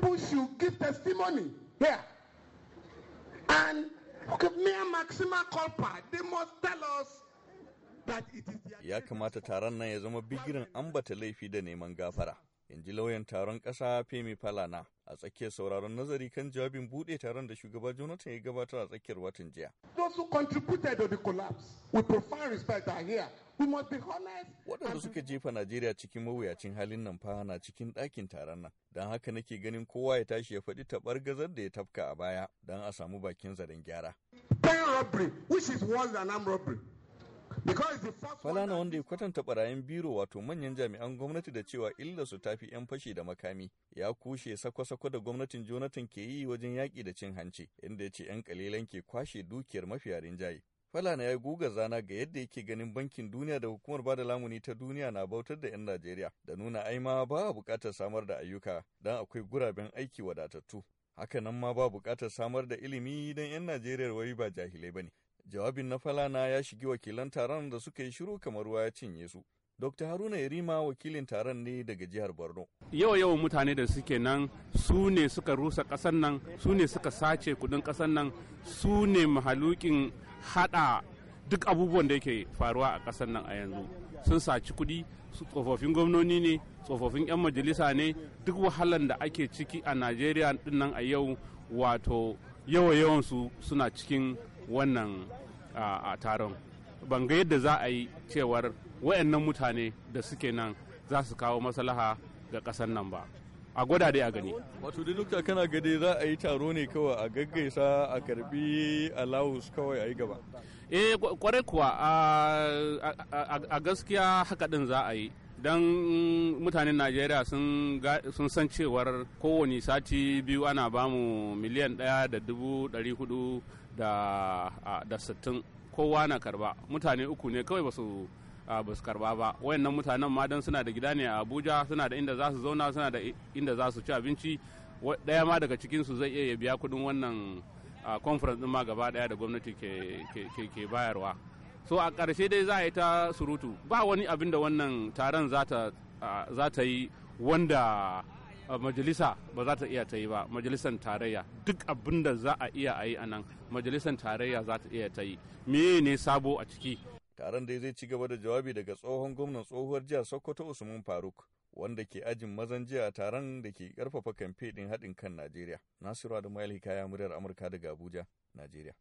people should give testimony here. And okay, Mayor Maxima Culpa, they must tell us Ya kamata taron nan ya zama bigirin ambata laifi da neman gafara. In ji lauyan taron ƙasa Femi Falana a tsakiyar sauraron nazari kan jawabin buɗe taron da shugaba Jonathan ya gabatar a tsakiyar watan jiya. Those who contributed to the collapse with profound respect are here Waɗanda suka jefa Najeriya cikin mawuyacin halin nan fa na cikin ɗakin taron nan, don haka nake ganin kowa ya tashi ya faɗi taɓar gazar da ya tafka a baya don a samu bakin zaren gyara. Falana wanda ya kwatanta barayin biro wato manyan jami'an gwamnati da cewa illa su tafi 'yan fashi da makami ya kushe sako da gwamnatin Jonathan ke yi wajen yaƙi da cin hanci, inda ya ce 'yan kalilan ke kwashe dukiyar mafiya rinjaye. Falana ya yi guga zana ga yadda yake ganin bankin duniya da hukumar bada lamuni ta duniya na bautar da 'yan Najeriya da nuna ai ma ba a buƙatar samar da ayyuka don akwai guraben aiki wadatattu. Hakanan ma ba buƙatar samar da ilimi don 'yan Najeriya wai ba jahilai ba ne. Jawabin na Falana ya shigi wakilan taron da suka yi shiru kamar ruwa ya cinye su. Dr. Haruna Yarima wakilin taron ne daga jihar Borno. Yau yau mutane da suke nan su ne suka rusa ƙasar nan, su ne suka sace kudin ƙasar nan, su ne mahalukin hada duk abubuwan da yake faruwa a ƙasar nan a yanzu sun saci kuɗi tsofaffin gwamnoni ne tsofaffin 'yan majalisa ne duk wahalar da ake ciki a najeriya din nan a yau wato yawa su suna cikin wannan a taron ban ga yadda za a yi cewar wayannan mutane da suke nan za su kawo maslaha ga ƙasar nan ba a gwada dai a gani wato da dokta kana gade za a yi taro ne kawai a gaggaisa a karbi allowance kawai a yi gaba eh kwarai kuwa a gaskiya haka din za a yi don mutanen najeriya sun san cewar kowane sati biyu ana bamu miliyan daya da dubu dari hudu da sittin kowa na karba mutane uku ne kawai ba su a su karba ba wayannan mutanen ma don suna da gida ne a abuja suna da inda za su zauna suna da inda za su ci abinci daya ma daga cikinsu zai iya biya kuɗin wannan conference din ma gaba daya da gwamnati ke bayarwa so a ƙarshe dai za a yi ta surutu ba wani abin da wannan taron za ta yi wanda majalisa ba za ta iya ta yi ba majalisar tarayya duk abinda za a iya a yi a nan majalisar tarayya za ta iya ta yi me ne sabo a ciki Taron dai zai ci gaba da jawabi daga tsohon gwamnan tsohuwar jihar Sokoto Usman Faruk, wanda ke ajin mazan jiya a taron da ke karfafa kamfe din haɗin kan Najeriya. Nasiru Adamu Hikaya muryar Amurka daga Abuja, Najeriya.